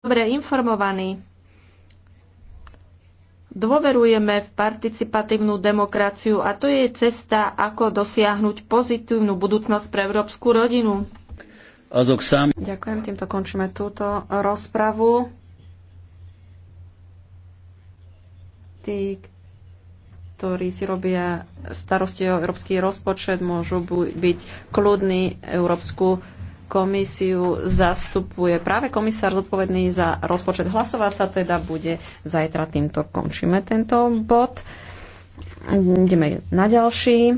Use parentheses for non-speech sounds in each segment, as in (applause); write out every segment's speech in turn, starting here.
dobre informovaní. Dôverujeme v participatívnu demokraciu a to je cesta, ako dosiahnuť pozitívnu budúcnosť pre európsku rodinu. Ďakujem, týmto končíme túto rozpravu. Tí, ktorí si robia starosti o európsky rozpočet, môžu byť kľudní európsku komisiu zastupuje práve komisár zodpovedný za rozpočet. Hlasovať sa teda bude zajtra. Týmto končíme tento bod. Ideme na ďalší.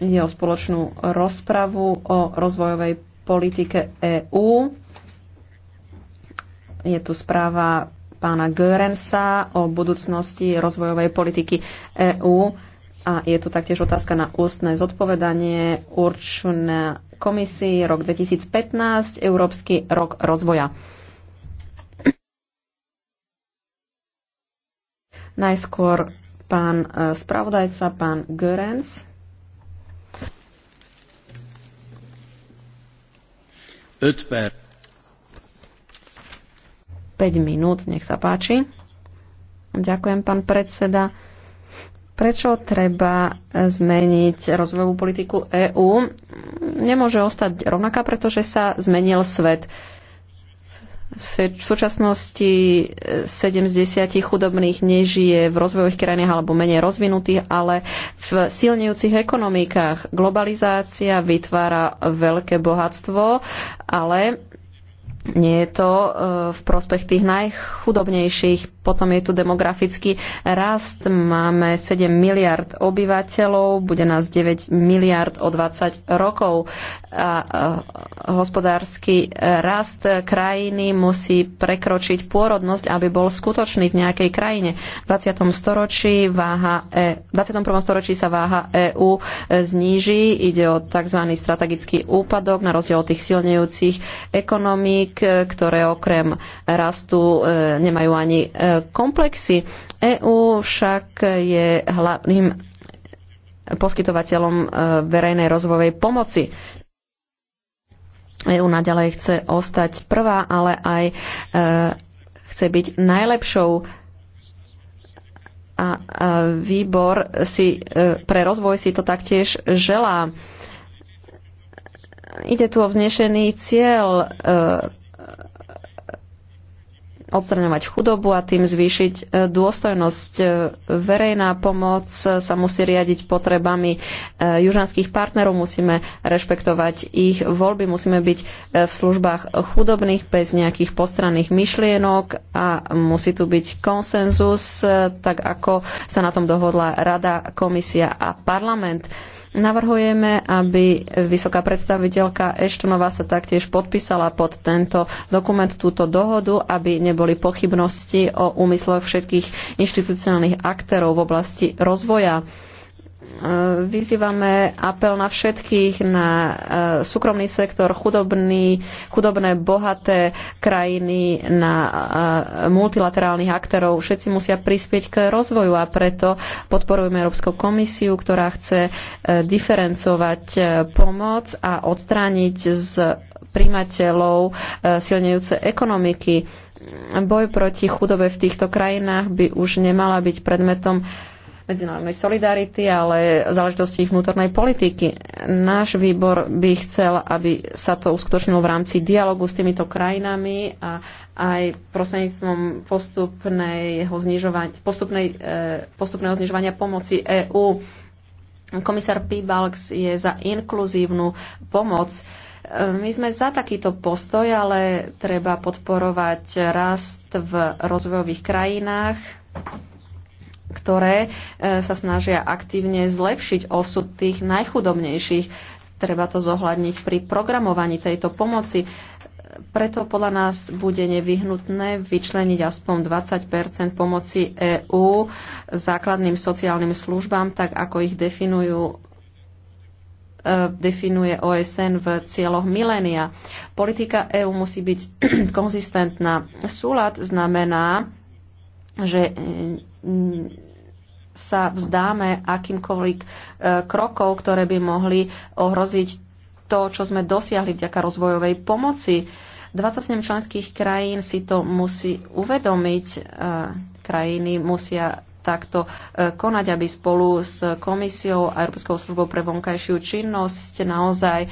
Ide o spoločnú rozpravu o rozvojovej politike EÚ. Je tu správa pána Görensa o budúcnosti rozvojovej politiky EÚ a je tu taktiež otázka na ústne zodpovedanie určené komisii rok 2015, Európsky rok rozvoja. Najskôr pán e, spravodajca, pán Görens. Ötper. 5 minút, nech sa páči. Ďakujem, pán predseda. Prečo treba zmeniť rozvojovú politiku EÚ? Nemôže ostať rovnaká, pretože sa zmenil svet. V súčasnosti 70 chudobných nežije v rozvojových krajinách alebo menej rozvinutých, ale v silnejúcich ekonomikách globalizácia vytvára veľké bohatstvo, ale nie je to e, v prospech tých najchudobnejších. Potom je tu demografický rast. Máme 7 miliard obyvateľov, bude nás 9 miliard o 20 rokov. A e, hospodársky rast krajiny musí prekročiť pôrodnosť, aby bol skutočný v nejakej krajine. V 20. storočí váha e, 21. storočí sa váha EÚ e, zníži. Ide o tzv. strategický úpadok na rozdiel od tých silnejúcich ekonomík ekonomík, e, ktoré okrem rastu e, nemajú ani e, komplexy. EÚ však je hlavným poskytovateľom verejnej rozvojovej pomoci. EÚ naďalej chce ostať prvá, ale aj chce byť najlepšou a, výbor si, pre rozvoj si to taktiež želá. Ide tu o vznešený cieľ odstraňovať chudobu a tým zvýšiť e, dôstojnosť. E, verejná pomoc sa musí riadiť potrebami e, južanských partnerov, musíme rešpektovať ich voľby, musíme byť v službách chudobných bez nejakých postranných myšlienok a musí tu byť konsenzus, tak ako sa na tom dohodla Rada, Komisia a parlament. Navrhujeme, aby vysoká predstaviteľka Eštonová sa taktiež podpísala pod tento dokument, túto dohodu, aby neboli pochybnosti o úmysloch všetkých inštitucionálnych aktérov v oblasti rozvoja vyzývame apel na všetkých, na e, súkromný sektor, chudobný, chudobné, bohaté krajiny, na e, multilaterálnych aktérov. Všetci musia prispieť k rozvoju a preto podporujeme Európsku komisiu, ktorá chce e, diferencovať pomoc a odstrániť z primateľov silnejúce ekonomiky. Boj proti chudobe v týchto krajinách by už nemala byť predmetom uh, medzinárodnej solidarity, ale záležitosti ich vnútornej politiky. Náš výbor by chcel, aby sa to uskutočnilo v rámci dialogu s týmito krajinami a aj prostredníctvom postupného, znižovania, postupnej, eh, postupného znižovania pomoci EÚ. Komisár Pibalks je za inkluzívnu pomoc. Eh, my sme za takýto postoj, ale treba podporovať rast v rozvojových krajinách ktoré e, sa snažia aktívne zlepšiť osud tých najchudobnejších. Treba to zohľadniť pri programovaní tejto pomoci. E, preto podľa nás bude nevyhnutné vyčleniť aspoň 20 pomoci EÚ základným sociálnym službám, tak ako ich definujú e, definuje OSN v cieľoch milénia. Politika EÚ musí byť (clears throat) konzistentná. Súlad znamená, že sa vzdáme akýmkoľvek e, krokov, ktoré by mohli ohroziť to, čo sme dosiahli vďaka rozvojovej pomoci. 27 členských krajín si to musí uvedomiť. E, krajiny musia takto e, konať, aby spolu s komisiou a Európskou službou pre vonkajšiu činnosť naozaj e,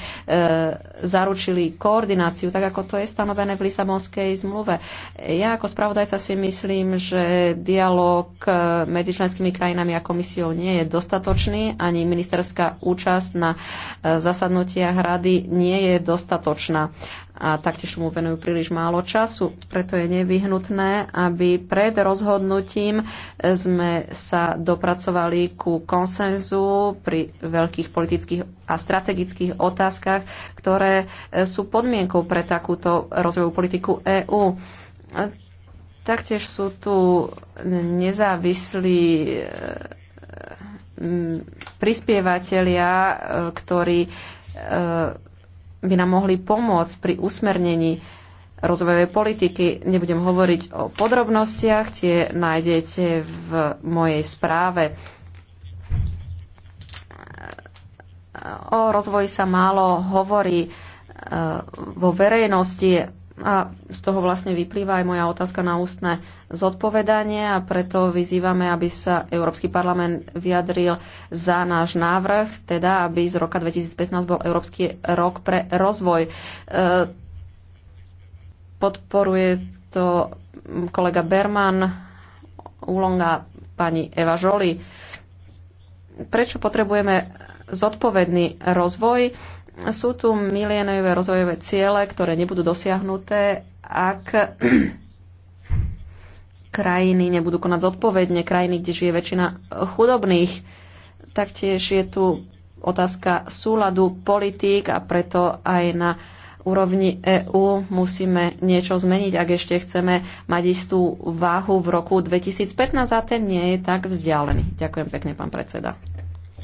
zaručili koordináciu, tak ako to je stanovené v Lisabonskej zmluve. Ja ako spravodajca si myslím, že dialog e, medzi členskými krajinami a komisiou nie je dostatočný, ani ministerská účasť na e, zasadnutiach rady nie je dostatočná a taktiež mu venujú príliš málo času. Preto je nevyhnutné, aby pred rozhodnutím sme sa dopracovali ku konsenzu pri veľkých politických a strategických otázkach, ktoré sú podmienkou pre takúto rozvojovú politiku EÚ. Taktiež sú tu nezávislí prispievateľia, e, ktorí e, by nám mohli pomôcť pri usmernení rozvojovej politiky. Nebudem hovoriť o podrobnostiach, tie nájdete v mojej správe. O rozvoji sa málo hovorí e, vo verejnosti, a z toho vlastne vyplýva aj moja otázka na ústne zodpovedanie a preto vyzývame, aby sa Európsky parlament vyjadril za náš návrh, teda aby z roka 2015 bol Európsky rok pre rozvoj. E, podporuje to kolega Berman, úlonga pani Eva Žoli. Prečo potrebujeme zodpovedný rozvoj? Sú tu milénové rozvojové ciele, ktoré nebudú dosiahnuté, ak (clears throat) krajiny nebudú konať zodpovedne, krajiny, kde žije väčšina chudobných. Taktiež je tu otázka súladu politík a preto aj na úrovni EÚ musíme niečo zmeniť, ak ešte chceme mať istú váhu v roku 2015 a ten nie je tak vzdialený. Ďakujem pekne, pán predseda.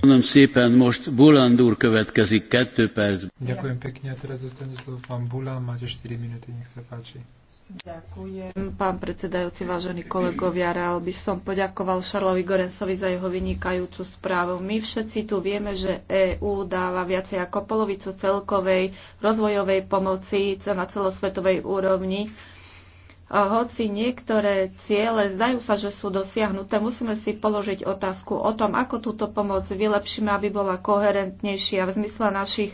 Ďakujem pekne a teraz zostane slovo pán Bulan, máte 4 minúty, nech sa páči. Ďakujem, pán predsedajúci, vážení kolegovia. Rád by som poďakoval Šarlovi Gorensovi za jeho vynikajúcu správu. My všetci tu vieme, že EÚ dáva viacej ako polovicu celkovej rozvojovej pomoci na celosvetovej úrovni hoci niektoré ciele zdajú sa, že sú dosiahnuté, musíme si položiť otázku o tom, ako túto pomoc vylepšíme, aby bola koherentnejšia v zmysle našich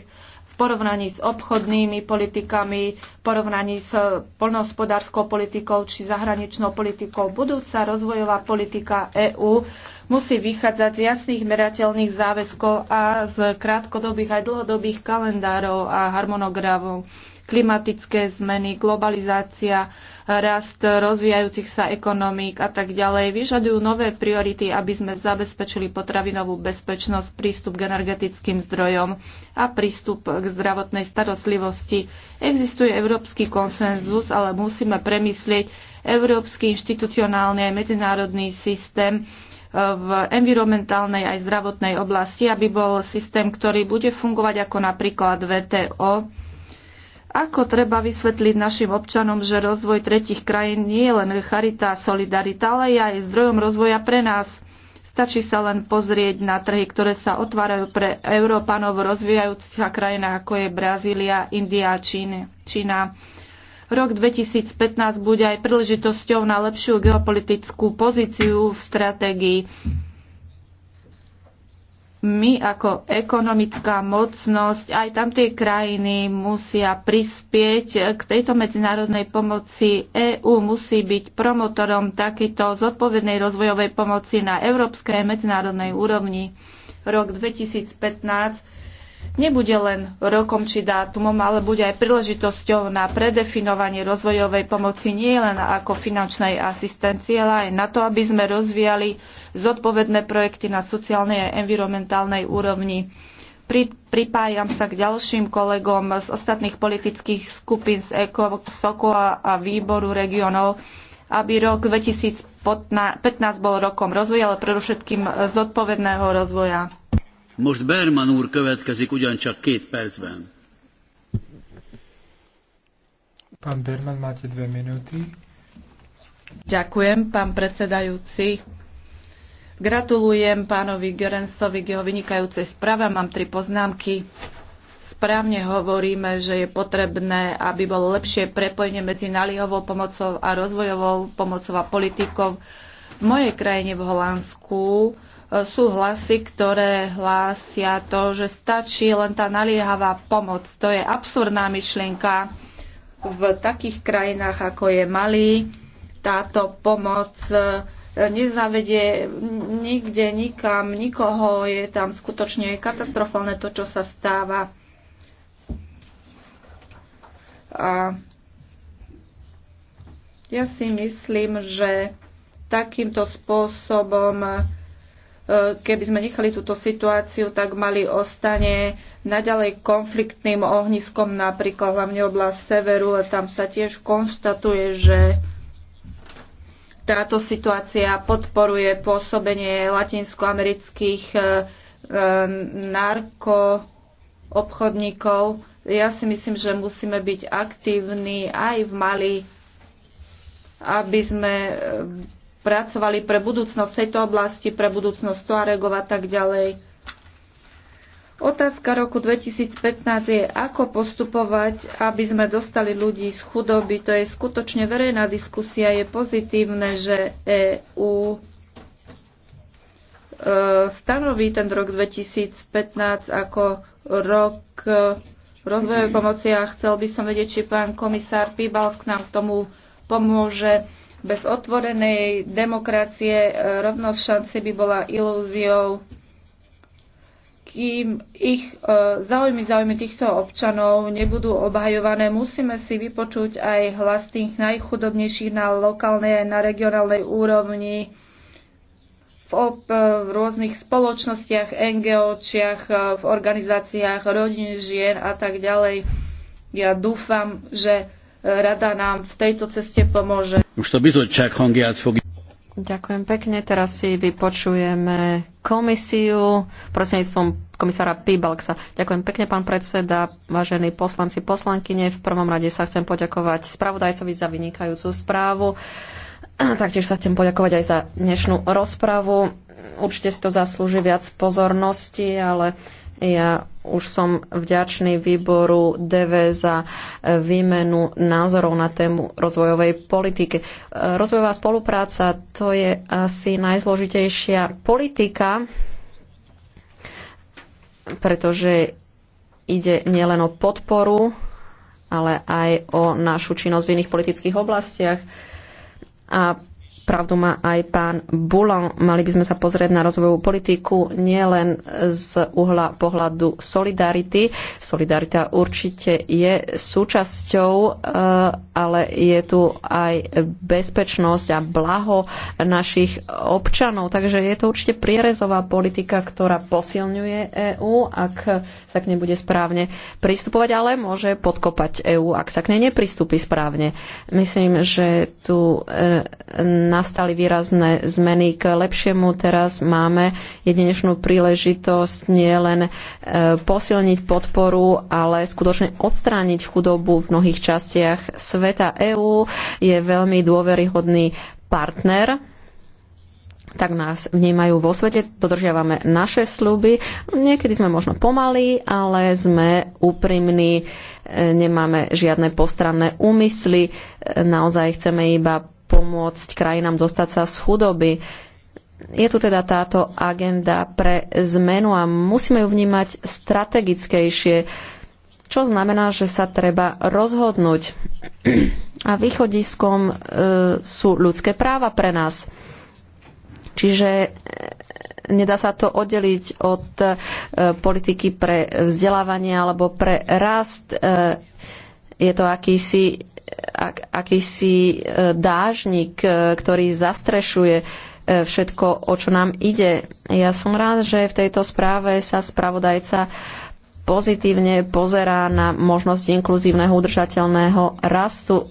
v porovnaní s obchodnými politikami, v porovnaní s poľnohospodárskou politikou či zahraničnou politikou. Budúca rozvojová politika EÚ musí vychádzať z jasných merateľných záväzkov a z krátkodobých aj dlhodobých kalendárov a harmonogramov. Klimatické zmeny, globalizácia, rast rozvíjajúcich sa ekonomík a tak ďalej, vyžadujú nové priority, aby sme zabezpečili potravinovú bezpečnosť, prístup k energetickým zdrojom a prístup k zdravotnej starostlivosti. Existuje európsky konsenzus, ale musíme premyslieť európsky inštitucionálny aj medzinárodný systém, e, v environmentálnej aj zdravotnej oblasti, aby bol systém, ktorý bude fungovať ako napríklad VTO, ako treba vysvetliť našim občanom, že rozvoj tretich krajín nie je len charita a solidarita, ale je aj zdrojom rozvoja pre nás? Stačí sa len pozrieť na trhy, ktoré sa otvárajú pre Európanov v rozvíjajúcich sa krajinách, ako je Brazília, India a Čína. Rok 2015 bude aj príležitosťou na lepšiu geopolitickú pozíciu v stratégii my ako ekonomická mocnosť, aj tam tie krajiny musia prispieť k tejto medzinárodnej pomoci. EÚ musí byť promotorom takéto zodpovednej rozvojovej pomoci na európskej medzinárodnej úrovni. Rok 2015 nebude len rokom či dátumom, ale bude aj príležitosťou na predefinovanie rozvojovej pomoci nie len ako finančnej asistencie, ale aj na to, aby sme rozvíjali zodpovedné projekty na sociálnej a environmentálnej úrovni. Pri, pripájam sa k ďalším kolegom z ostatných politických skupín z ECO, SOKO a, a výboru regionov, aby rok 2015 bol rokom rozvoja, ale predovšetkým zodpovedného rozvoja. Most Berman úr következik ugyancsak két percben. Pán Berman, máte dve minúty. Ďakujem, pán predsedajúci. Gratulujem pánovi Gerensovi k jeho vynikajúcej správe. Mám tri poznámky. Správne hovoríme, že je potrebné, aby bolo lepšie prepojenie medzi naliehovou pomocou a rozvojovou pomocou a politikou. V mojej krajine v Holandsku sú hlasy, ktoré hlásia to, že stačí len tá naliehavá pomoc. To je absurdná myšlienka. V takých krajinách, ako je Mali, táto pomoc eh, nezavedie nikde, nikam, nikoho. Je tam skutočne katastrofálne to, čo sa stáva. A ja si myslím, že takýmto spôsobom keby sme nechali túto situáciu, tak Mali ostane naďalej konfliktným ohniskom, napríklad hlavne oblasť severu, ale tam sa tiež konštatuje, že táto situácia podporuje pôsobenie latinskoamerických e, e, narkoobchodníkov. Ja si myslím, že musíme byť aktívni aj v Mali, aby sme pracovali pre budúcnosť tejto oblasti, pre budúcnosť Tuaregov a tak ďalej. Otázka roku 2015 je, ako postupovať, aby sme dostali ľudí z chudoby. To je skutočne verejná diskusia. Je pozitívne, že EÚ e, stanoví ten rok 2015 ako rok e, rozvojovej pomoci a chcel by som vedieť, či pán komisár Pýbalsk nám k tomu pomôže bez otvorenej demokracie e, rovnosť šance by bola ilúziou. Kým ich e, záujmy, záujmy týchto občanov nebudú obhajované, musíme si vypočuť aj hlas tých najchudobnejších na lokálnej aj na regionálnej úrovni v, ob, v rôznych spoločnostiach, NGOčiach, e, v organizáciách rodín, žien a tak ďalej. Ja dúfam, že rada nám v tejto ceste pomôže. Ďakujem pekne. Teraz si vypočujeme komisiu som komisára Pibalksa. Ďakujem pekne, pán predseda, vážení poslanci, poslankyne. V prvom rade sa chcem poďakovať spravodajcovi za vynikajúcu správu. Taktiež sa chcem poďakovať aj za dnešnú rozpravu. Určite si to zaslúži viac pozornosti, ale uh, ja už som vďačný výboru DV za e, výmenu názorov na tému rozvojovej politiky. E, rozvojová spolupráca to je asi najzložitejšia politika, pretože ide nielen o podporu, ale aj o našu činnosť v iných politických oblastiach. A Pravdu má aj pán Bulon, Mali by sme sa pozrieť na rozvojovú politiku nielen z uhla pohľadu solidarity. Solidarita určite je súčasťou, e, ale je tu aj bezpečnosť a blaho našich občanov. Takže je to určite prierezová politika, ktorá posilňuje EÚ, ak sa k nej bude správne pristupovať, ale môže podkopať EÚ, ak sa k nej nepristúpi správne. Myslím, že tu e, nastali výrazné zmeny k lepšiemu. Teraz máme jedinečnú príležitosť nielen e, posilniť podporu, ale skutočne odstrániť chudobu v mnohých častiach sveta. EÚ je veľmi dôveryhodný partner tak nás vnímajú vo svete, dodržiavame naše sluby. Niekedy sme možno pomalí, ale sme úprimní, e, nemáme žiadne postranné úmysly, e, naozaj chceme iba pomôcť krajinám dostať sa z chudoby. Je tu teda táto agenda pre zmenu a musíme ju vnímať strategickejšie, čo znamená, že sa treba rozhodnúť. A východiskom e, sú ľudské práva pre nás. Čiže e, nedá sa to oddeliť od e, politiky pre vzdelávanie alebo pre rast. E, je to akýsi ak, akýsi e, dážnik, e, ktorý zastrešuje e, všetko, o čo nám ide. Ja som rád, že v tejto správe sa spravodajca pozitívne pozerá na možnosť inkluzívneho udržateľného rastu.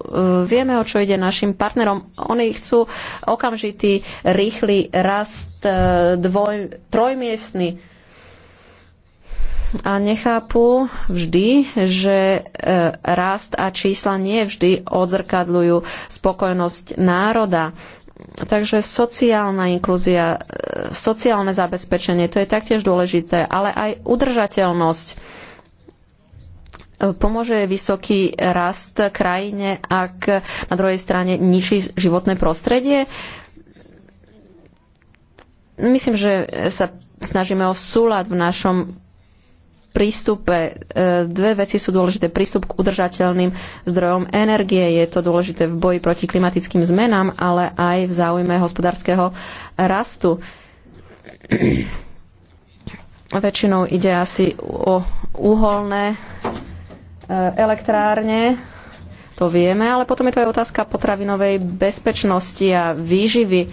Vieme, o čo ide našim partnerom. Oni chcú okamžitý, rýchly rast dvoj, trojmiestny a nechápu vždy, že e, rast a čísla nie vždy odzrkadľujú spokojnosť národa. Takže sociálna inklúzia, e, sociálne zabezpečenie, to je taktiež dôležité, ale aj udržateľnosť. E, pomôže vysoký rast krajine, ak na druhej strane ničí životné prostredie? Myslím, že sa snažíme o súlad v našom prístupe. E, dve veci sú dôležité. Prístup k udržateľným zdrojom energie. Je to dôležité v boji proti klimatickým zmenám, ale aj v záujme hospodárskeho rastu. Väčšinou ide asi o uholné e, elektrárne, to vieme, ale potom je to aj otázka potravinovej bezpečnosti a výživy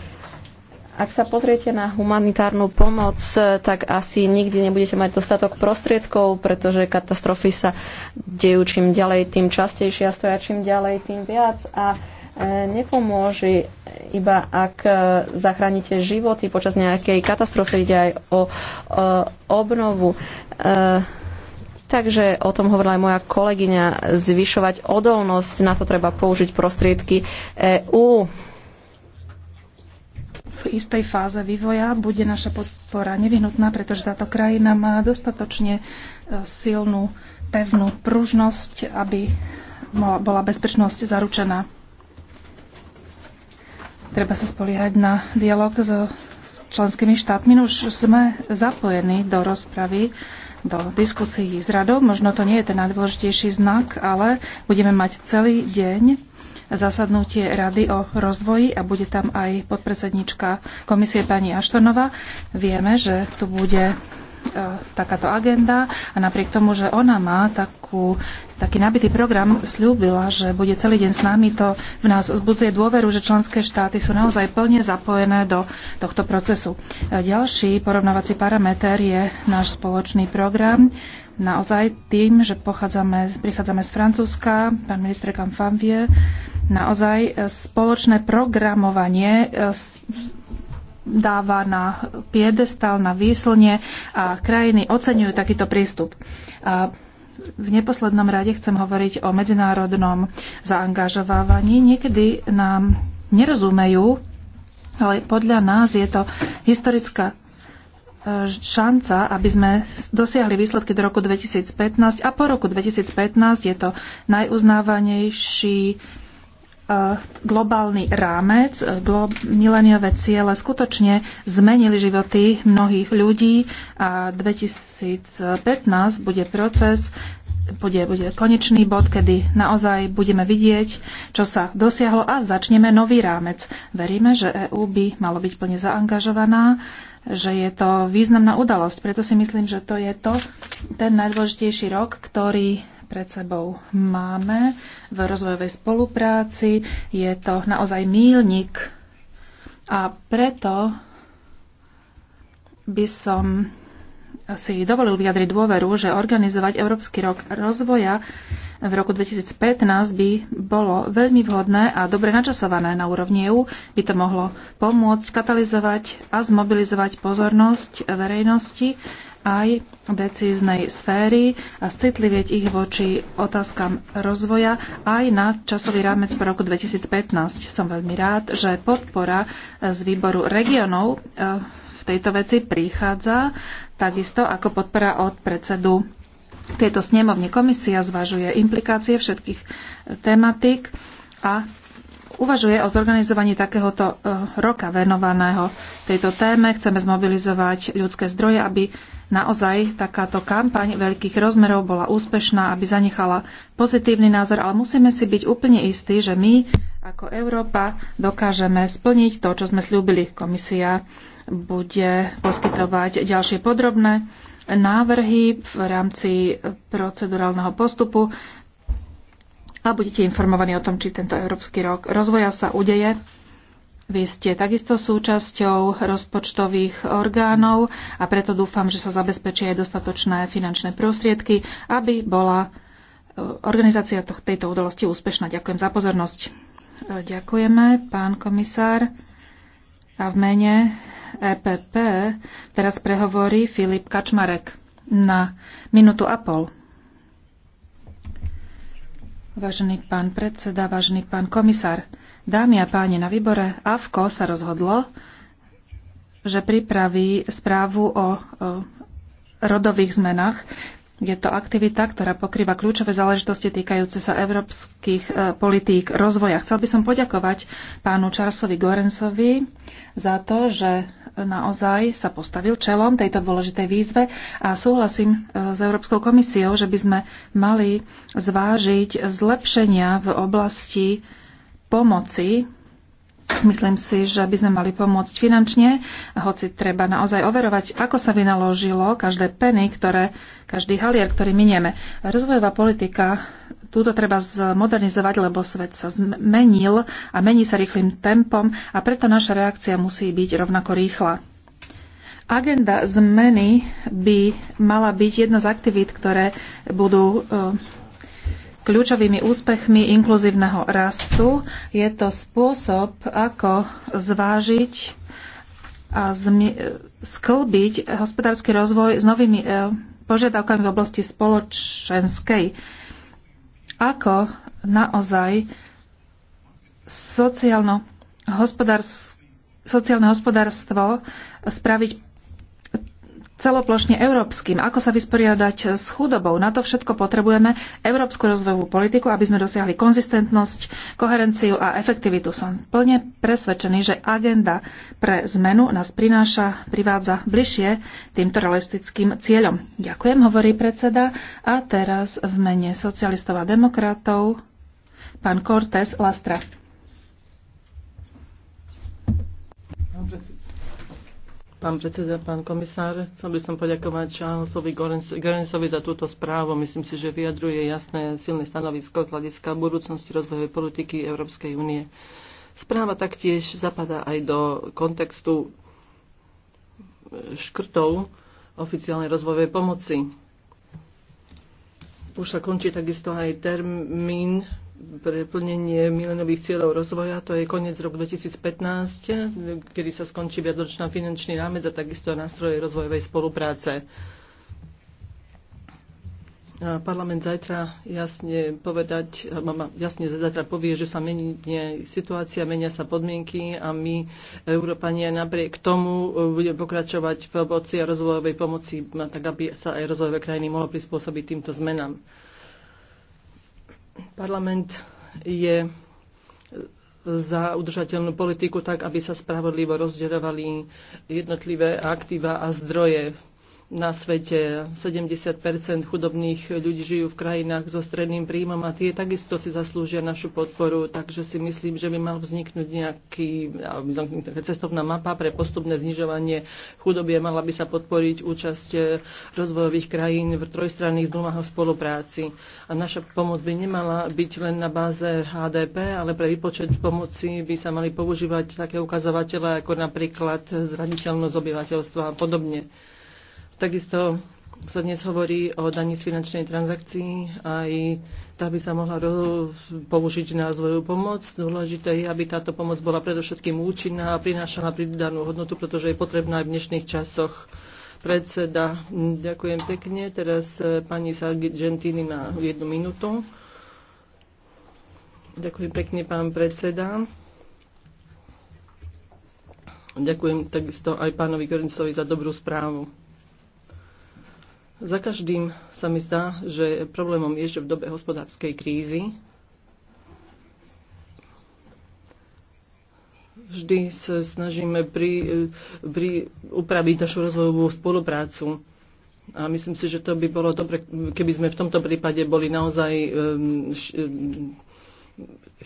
ak sa pozriete na humanitárnu pomoc, tak asi nikdy nebudete mať dostatok prostriedkov, pretože katastrofy sa dejú čím ďalej, tým častejšie a stoja čím ďalej, tým viac. A e, nepomôže iba ak e, zachránite životy počas nejakej katastrofy, ide aj o, e, obnovu. Takže o tom hovorila aj moja kolegyňa, zvyšovať odolnosť, na to treba použiť prostriedky EÚ v istej fáze vývoja bude naša podpora nevyhnutná, pretože táto krajina má dostatočne e, silnú, pevnú pružnosť, aby bola bezpečnosť zaručená. Treba sa spoliehať na dialog so, s členskými štátmi. No už sme zapojení do rozpravy, do diskusií s radou. Možno to nie je ten najdôležitejší znak, ale budeme mať celý deň zasadnutie Rady o rozvoji a bude tam aj podpredsednička komisie pani Aštonova. Vieme, že tu bude e, takáto agenda a napriek tomu, že ona má takú, taký nabitý program, slúbila, že bude celý deň s nami, to v nás vzbudzuje dôveru, že členské štáty sú naozaj plne zapojené do tohto procesu. E, ďalší porovnávací parameter je náš spoločný program naozaj tým, že pochádzame, prichádzame z Francúzska, pán minister Kamfanvie, naozaj e, spoločné programovanie e, dáva na piedestal, na výslne a krajiny oceňujú takýto prístup. A v neposlednom rade chcem hovoriť o medzinárodnom zaangažovávaní. Niekedy nám nerozumejú, ale podľa nás je to historická šanca, aby sme dosiahli výsledky do roku 2015 a po roku 2015 je to najuznávanejší e, globálny rámec, glo- mileniové ciele skutočne zmenili životy mnohých ľudí a 2015 bude proces, bude, bude konečný bod, kedy naozaj budeme vidieť, čo sa dosiahlo a začneme nový rámec. Veríme, že EÚ by malo byť plne zaangažovaná že je to významná udalosť. Preto si myslím, že to je to, ten najdôležitejší rok, ktorý pred sebou máme v rozvojovej spolupráci. Je to naozaj mílnik a preto by som si dovolil vyjadriť dôveru, že organizovať Európsky rok rozvoja v roku 2015 by bolo veľmi vhodné a dobre načasované na úrovni EÚ. By to mohlo pomôcť katalizovať a zmobilizovať pozornosť verejnosti aj decíznej sféry a citlivieť ich voči otázkam rozvoja aj na časový rámec po roku 2015. Som veľmi rád, že podpora z výboru regionov eh, v tejto veci prichádza, takisto ako podpora od predsedu tejto snemovne. Komisia zvažuje implikácie všetkých eh, tematík a uvažuje o zorganizovaní takéhoto eh, roka venovaného tejto téme. Chceme zmobilizovať ľudské zdroje, aby naozaj takáto kampaň veľkých rozmerov bola úspešná, aby zanechala pozitívny názor, ale musíme si byť úplne istí, že my ako Európa dokážeme splniť to, čo sme slúbili. Komisia bude poskytovať ďalšie podrobné návrhy v rámci procedurálneho postupu a budete informovaní o tom, či tento Európsky rok rozvoja sa udeje. Vy ste takisto súčasťou rozpočtových orgánov a preto dúfam, že sa zabezpečia aj dostatočné finančné prostriedky, aby bola e, organizácia tejto udalosti úspešná. Ďakujem za pozornosť. E, ďakujeme, pán komisár. A v mene EPP teraz prehovorí Filip Kačmarek na minútu a pol. Vážený pán predseda, vážený pán komisár, dámy a páni, na výbore AVKO sa rozhodlo, že pripraví správu o, rodových zmenách. Je to aktivita, ktorá pokrýva kľúčové záležitosti týkajúce sa európskych e, politík rozvoja. Chcel by som poďakovať pánu Charlesovi Gorensovi za to, že naozaj sa postavil čelom tejto dôležitej výzve a súhlasím e, s Európskou komisiou, že by sme mali zvážiť zlepšenia v oblasti pomoci. Myslím si, že by sme mali pomôcť finančne, hoci treba naozaj overovať, ako sa vynaložilo každé peny, ktoré, každý halier, ktorý minieme. Rozvojová politika túto treba zmodernizovať, lebo svet sa zmenil a mení sa rýchlým tempom a preto naša reakcia musí byť rovnako rýchla. Agenda zmeny by mala byť jedna z aktivít, ktoré budú eh, kľúčovými úspechmi inkluzívneho rastu. Je to spôsob, ako zvážiť a sklbiť hospodársky rozvoj s novými eh, požiadavkami v oblasti spoločenskej ako naozaj sociálno hospodárstvo spraviť celoplošne európskym. Ako sa vysporiadať s chudobou? Na to všetko potrebujeme európsku rozvojovú politiku, aby sme dosiahli konzistentnosť, koherenciu a efektivitu. Som plne presvedčený, že agenda pre zmenu nás prináša, privádza bližšie týmto realistickým cieľom. Ďakujem, hovorí predseda. A teraz v mene socialistov a demokratov pán Cortés Lastra. Pán predseda, pán komisár, chcel by som poďakovať Charlesovi Gorensovi za túto správu. Myslím si, že vyjadruje jasné silné stanovisko z hľadiska budúcnosti rozvojovej politiky Európskej únie. Správa taktiež zapadá aj do kontextu škrtov oficiálnej rozvojovej pomoci. Už sa končí takisto aj termín pre plnenie milenových cieľov rozvoja, to je koniec roku 2015, kedy sa skončí viacročná finančný rámec a takisto nástroje rozvojovej spolupráce. A parlament zajtra jasne povedať, mama, jasne zajtra povie, že sa mení situácia, menia sa podmienky a my, Európania, napriek tomu e, budeme pokračovať v oboci a rozvojovej pomoci, tak aby sa aj rozvojové krajiny mohlo prispôsobiť týmto zmenám. Parlament je za udržateľnú politiku tak, aby sa spravodlivo rozdeľovali jednotlivé aktíva a zdroje na svete. 70 chudobných ľudí žijú v krajinách so stredným príjmom a tie takisto si zaslúžia našu podporu, takže si myslím, že by mal vzniknúť nejaký cestovná mapa pre postupné znižovanie chudoby a mala by sa podporiť účasť rozvojových krajín v trojstranných zmluvách o spolupráci. A naša pomoc by nemala byť len na báze HDP, ale pre výpočet pomoci by sa mali používať také ukazovatele ako napríklad zraniteľnosť obyvateľstva a podobne. Takisto sa dnes hovorí o daní z finančnej transakcií, aj tá by sa mohla použiť na svoju pomoc. Dôležité je, aby táto pomoc bola predovšetkým účinná a prinášala pridanú hodnotu, pretože je potrebná aj v dnešných časoch. Predseda, ďakujem pekne. Teraz e, pani Sargentini na jednu minútu. Ďakujem pekne, pán predseda. Ďakujem takisto aj pánovi Korincovi za dobrú správu. Za každým sa mi zdá, že problémom je, že v dobe hospodárskej krízy vždy sa snažíme pri, pri upraviť našu rozvojovú spoluprácu. A myslím si, že to by bolo dobre, keby sme v tomto prípade boli naozaj um, um,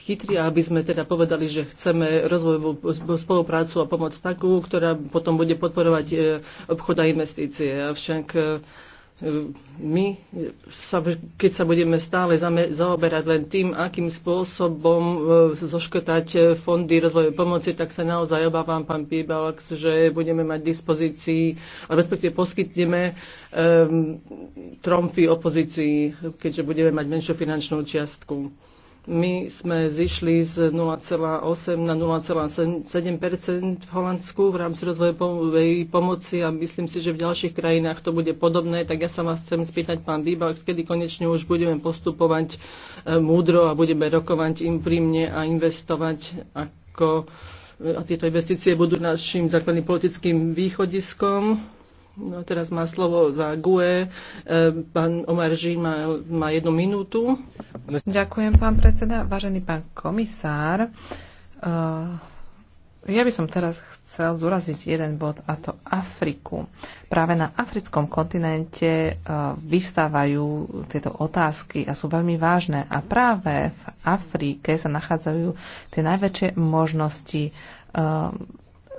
chytri, aby sme teda povedali, že chceme rozvojovú spoluprácu a pomoc takú, ktorá potom bude podporovať eh, obchod a investície. Avšak eh, my, sa, keď sa budeme stále zaoberať len tým, akým spôsobom e, zoškotať e, fondy rozvojovej pomoci, tak sa naozaj obávam, pán Pibalax, že budeme mať dispozícii, respektíve poskytneme um, tromfy opozícii, keďže budeme mať menšiu finančnú čiastku. My sme zišli z 0,8 na 0,7 v Holandsku v rámci rozvojovej pomoci a myslím si, že v ďalších krajinách to bude podobné. Tak ja sa vás chcem spýtať, pán výbak, kedy konečne už budeme postupovať eh, múdro a budeme rokovať imprímne a investovať ako eh, a tieto investície budú našim základným politickým východiskom. No, teraz má slovo za GUE. E, pán Žín má, má jednu minútu. Ďakujem, pán predseda. Vážený pán komisár, e, ja by som teraz chcel zúraziť jeden bod, a to Afriku. Práve na africkom kontinente e, vystávajú tieto otázky a sú veľmi vážne. A práve v Afrike sa nachádzajú tie najväčšie možnosti.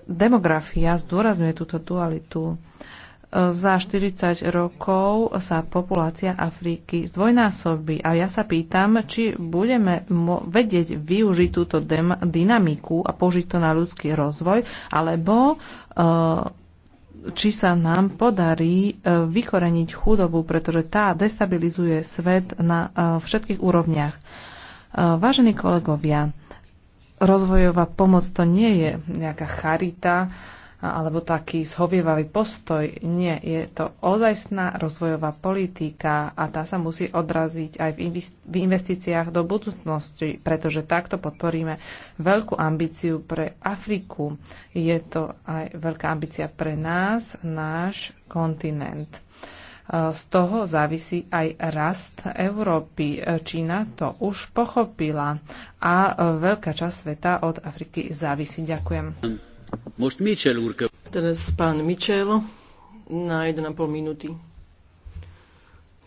Demografia zdôrazňuje túto dualitu za 40 rokov sa populácia Afriky zdvojnásobí. A ja sa pýtam, či budeme vedieť využiť túto dynamiku a použiť to na ľudský rozvoj, alebo eh, či sa nám podarí eh, vykoreniť chudobu, pretože tá destabilizuje svet na eh, všetkých úrovniach. Vážení kolegovia, rozvojová pomoc to nie je nejaká charita, alebo taký zhovievavý postoj. Nie, je to ozajstná rozvojová politika a tá sa musí odraziť aj v investíciách do budúcnosti, pretože takto podporíme veľkú ambíciu pre Afriku. Je to aj veľká ambícia pre nás, náš kontinent. E, z toho závisí aj rast Európy. E, Čína to už pochopila a e, veľká časť sveta od Afriky závisí. Ďakujem. Teraz pán Mitchell na 1,5 minúty.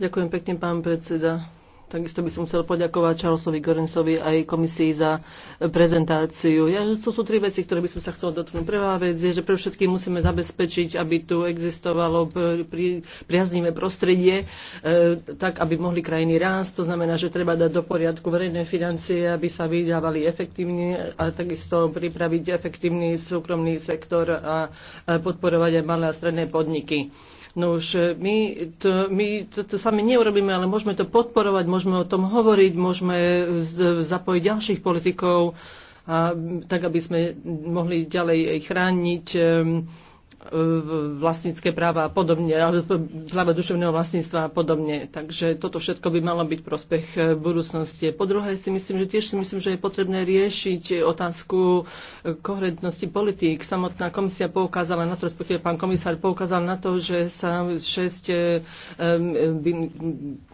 Ďakujem pekne, pán predseda. Takisto by som chcel poďakovať Charlesovi Gorensovi aj komisii za prezentáciu. Ja, to sú tri veci, ktoré by som sa chcel dotknúť. Prvá vec je, že pre všetkým musíme zabezpečiť, aby tu existovalo pri, priaznivé prostredie, e, tak aby mohli krajiny rásť. To znamená, že treba dať do poriadku verejné financie, aby sa vydávali efektívne a takisto pripraviť efektívny súkromný sektor a podporovať aj malé a stredné podniky. No už my, to, my to, to sami neurobíme, ale môžeme to podporovať, môžeme o tom hovoriť, môžeme zapojiť ďalších politikov, a, tak aby sme mohli ďalej chrániť E, vlastnícke práva a podobne, alebo práva duševného vlastníctva a podobne. Takže toto všetko by malo byť prospech e, budúcnosti. Po druhé si myslím, že tiež si myslím, že je potrebné riešiť otázku e, koherentnosti politík. Samotná komisia poukázala na to, respektíve pán komisár poukázal na to, že sa 6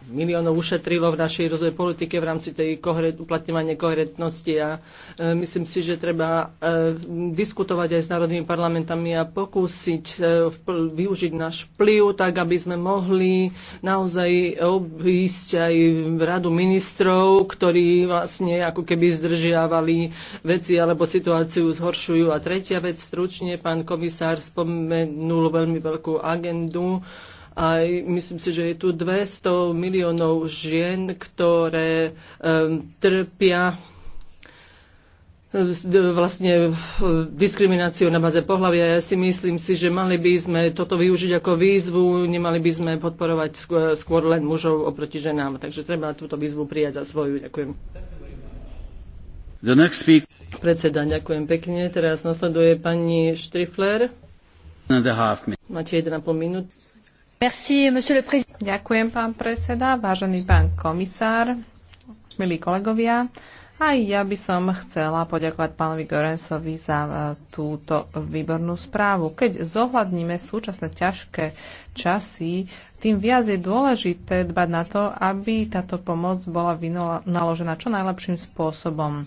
miliónov ušetrilo v našej rozvoj politike v rámci tej uplatňovania koherentnosti a myslím si, že treba diskutovať aj s národnými parlamentami a pokus pokúsiť e, využiť náš vplyv, tak aby sme mohli naozaj obísť aj radu ministrov, ktorí vlastne ako keby zdržiavali veci alebo situáciu zhoršujú. A tretia vec, stručne, pán komisár spomenul veľmi veľkú agendu, a myslím si, že je tu 200 miliónov žien, ktoré um, trpia vlastne e, diskrimináciu na baze pohľavia. Ja si myslím si, že mali by sme toto využiť ako výzvu, nemali by sme podporovať skôr len mužov oproti ženám. Takže treba túto výzvu prijať za svoju. Ďakujem. The next speak. Predseda, ďakujem pekne. Teraz nasleduje pani Štrifler. Máte 1,5 minút. Merci, monsieur le président. Ďakujem, pán predseda, vážený pán komisár, milí kolegovia. A ja by som chcela poďakovať pánovi Gorensovi za e, túto výbornú správu. Keď zohľadníme súčasné ťažké časy, tým viac je dôležité dbať na to, aby táto pomoc bola naložená čo najlepším spôsobom.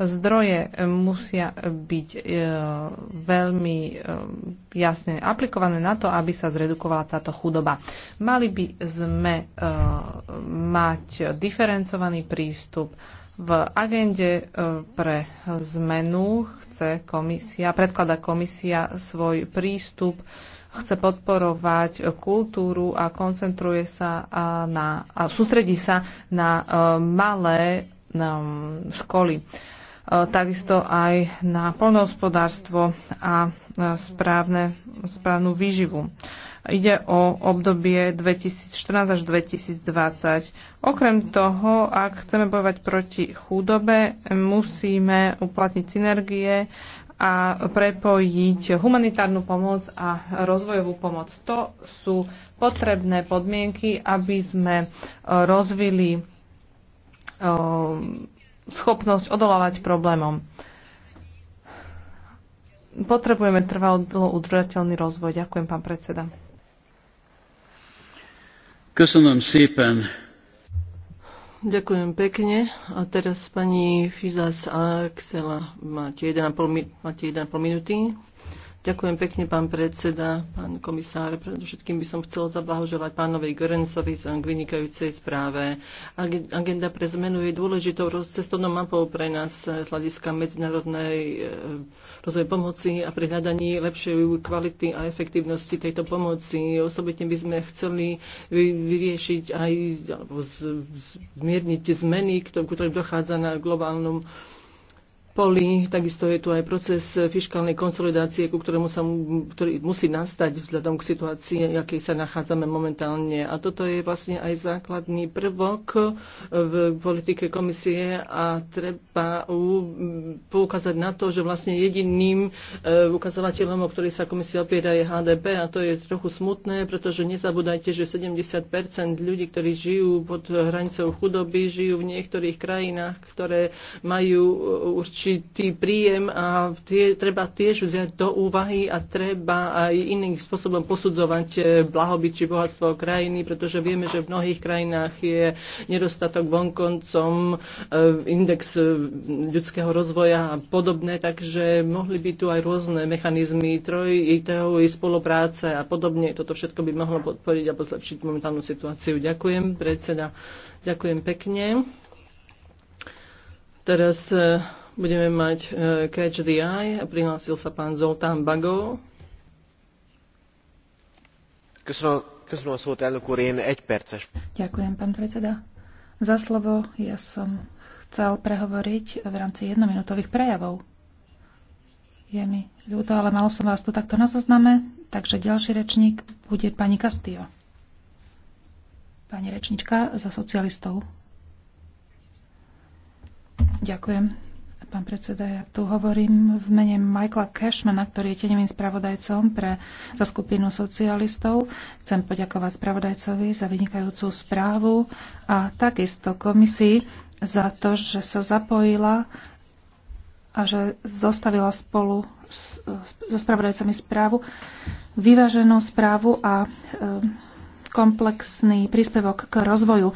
Zdroje e, musia byť e, veľmi e, jasne aplikované na to, aby sa zredukovala táto chudoba. Mali by sme e, mať diferencovaný prístup v agende e, pre zmenu chce komisia, predklada komisia svoj prístup, chce podporovať kultúru a koncentruje sa na, a sústredí sa na e, malé mm, školy. E, takisto aj na poľnohospodárstvo a správne, správnu výživu. Ide o obdobie 2014 až 2020. Okrem toho, ak chceme bojovať proti chudobe, musíme uplatniť synergie a prepojiť humanitárnu pomoc a rozvojovú pomoc. To sú potrebné podmienky, aby sme e, rozvili e, schopnosť odolávať problémom. Potrebujeme trvalo udržateľný rozvoj. Ďakujem, pán predseda. Ďakujem pekne. A teraz pani Fizas Axela, máte 1,5 minúty. Ďakujem pekne, pán predseda, pán komisár. Predovšetkým by som chcel zablahoželať pánovi Gorensovi za vynikajúcej správe. Agenda pre zmenu je dôležitou cestovnou mapou pre nás z hľadiska medzinárodnej eh, rozvoj pomoci a pri hľadaní lepšej kvality a efektívnosti tejto pomoci. Osobitne by sme chceli vyriešiť aj alebo zmierniť zmeny, ktorým dochádza na globálnom poli. Takisto je tu aj proces fiskálnej konsolidácie, ku ktorému sa ktorý musí nastať vzhľadom k situácii, akej sa nachádzame momentálne. A toto je vlastne aj základný prvok v politike komisie a treba poukázať na to, že vlastne jediným e, ukazovateľom, o ktorý sa komisia opiera, je HDP a to je trochu smutné, pretože nezabúdajte, že 70 ľudí, ktorí žijú pod hranicou chudoby, žijú v niektorých krajinách, ktoré majú určite určitý príjem a tie, treba tiež vziať do úvahy a treba aj iným spôsobom posudzovať e, blahobyt či bohatstvo krajiny, pretože vieme, že v mnohých krajinách je nedostatok vonkoncom, e, index e, ľudského rozvoja a podobné, takže mohli by tu aj rôzne mechanizmy troj, i spolupráce a podobne. Toto všetko by mohlo podporiť a pozlepšiť momentálnu situáciu. Ďakujem, predseda. Ďakujem pekne. Teraz Budeme mať e, Catch the Eye. a Prihlásil sa pán Zoltán Bagó. Ďakujem, pán predseda. Za slovo ja som chcel prehovoriť v rámci jednominútových prejavov. Je mi ľúto, ale malo som vás tu takto na zozname, takže ďalší rečník bude pani Castillo. Pani rečnička za socialistov. Ďakujem. Pán predseda, ja tu hovorím v mene Michaela Cashmana, ktorý je tenevým spravodajcom pre, za skupinu socialistov. Chcem poďakovať spravodajcovi za vynikajúcu správu a takisto komisii za to, že sa zapojila a že zostavila spolu s, so spravodajcami správu, vyváženú správu a e, komplexný príspevok k rozvoju. E,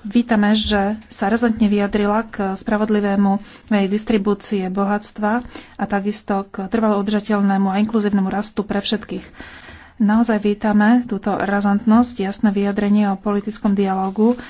Vítame, že sa razantne vyjadrila k spravodlivému jej distribúcie bohatstva a takisto k trvalo udržateľnému a inkluzívnemu rastu pre všetkých. Naozaj vítame túto razantnosť, jasné vyjadrenie o politickom dialogu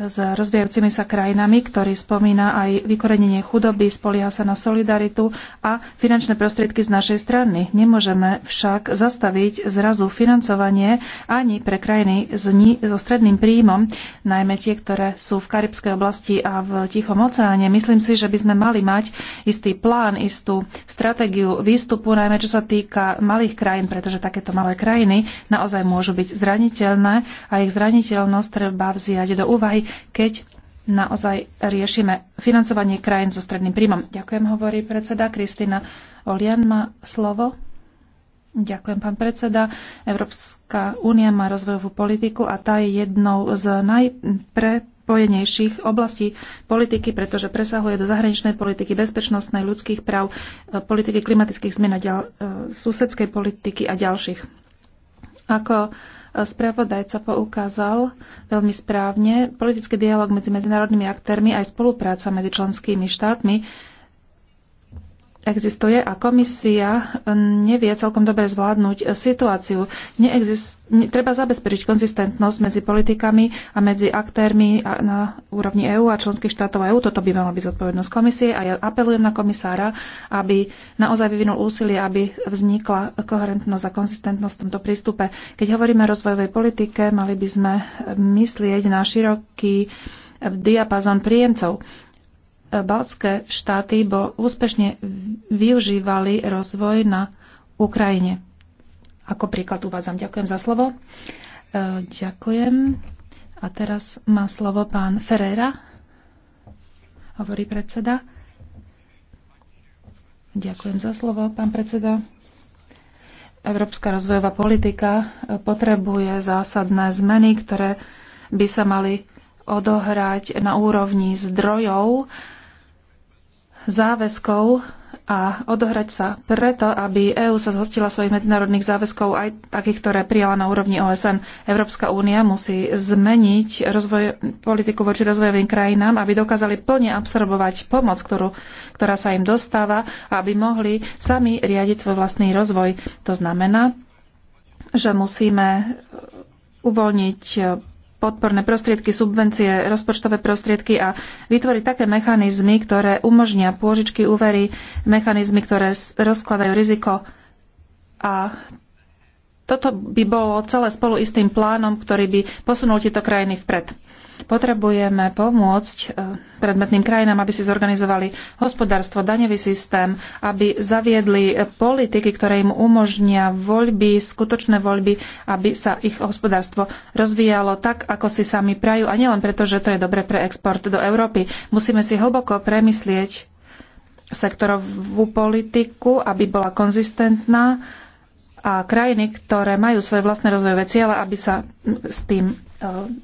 s rozvíjajúcimi sa krajinami, ktorý spomína aj vykorenenie chudoby, spolieha sa na solidaritu a finančné prostriedky z našej strany. Nemôžeme však zastaviť zrazu financovanie ani pre krajiny s ni- so stredným príjmom, najmä tie, ktoré sú v Karibskej oblasti a v Tichom oceáne. Myslím si, že by sme mali mať istý plán, istú stratégiu výstupu, najmä čo sa týka malých krajín, pretože takéto malé krajiny naozaj môžu byť zraniteľné a ich zraniteľnosť treba vziať do úvahy keď naozaj riešime financovanie krajín so stredným príjmom. Ďakujem, hovorí predseda. Kristina Olian má slovo. Ďakujem, pán predseda. Európska únia má rozvojovú politiku a tá je jednou z najprepojenejších oblastí politiky, pretože presahuje do zahraničnej politiky, bezpečnostnej, ľudských práv, politiky klimatických zmien a ďal, e, susedskej politiky a ďalších. Ako Spravodajca poukázal veľmi správne, politický dialog medzi medzinárodnými aktérmi aj spolupráca medzi členskými štátmi existuje a komisia e, nevie celkom dobre zvládnuť e, situáciu. Neexist... Treba zabezpečiť konzistentnosť medzi politikami a medzi aktérmi na úrovni EÚ a členských štátov EÚ. Toto by mala byť zodpovednosť komisie a ja apelujem na komisára, aby naozaj vyvinul úsilie, aby vznikla koherentnosť a konzistentnosť v tomto prístupe. Keď hovoríme o rozvojovej politike, mali by sme myslieť na široký diapazon príjemcov baltské štáty bo úspešne využívali rozvoj na Ukrajine. Ako príklad uvádzam. Ďakujem za slovo. E, ďakujem. A teraz má slovo pán Ferreira, hovorí predseda. Ďakujem za slovo, pán predseda. Európska rozvojová politika potrebuje zásadné zmeny, ktoré by sa mali odohrať na úrovni zdrojov záväzkov a odohrať sa preto, aby EÚ sa zhostila svojich medzinárodných záväzkov aj takých, ktoré prijala na úrovni OSN. Európska únia musí zmeniť rozvoj, politiku voči rozvojovým krajinám, aby dokázali plne absorbovať pomoc, ktorú, ktorá sa im dostáva a aby mohli sami riadiť svoj vlastný rozvoj. To znamená, že musíme uvoľniť podporné prostriedky, subvencie, rozpočtové prostriedky a vytvoriť také mechanizmy, ktoré umožnia pôžičky, úvery, mechanizmy, ktoré rozkladajú riziko. A toto by bolo celé spolu istým plánom, ktorý by posunul tieto krajiny vpred. Potrebujeme pomôcť e, predmetným krajinám, aby si zorganizovali hospodárstvo, daňový systém, aby zaviedli politiky, ktoré im umožnia voľby, skutočné voľby, aby sa ich hospodárstvo rozvíjalo tak, ako si sami prajú. A nielen preto, že to je dobre pre export do Európy. Musíme si hlboko premyslieť sektorovú politiku, aby bola konzistentná a krajiny, ktoré majú svoje vlastné rozvojové ciele, aby sa s tým e,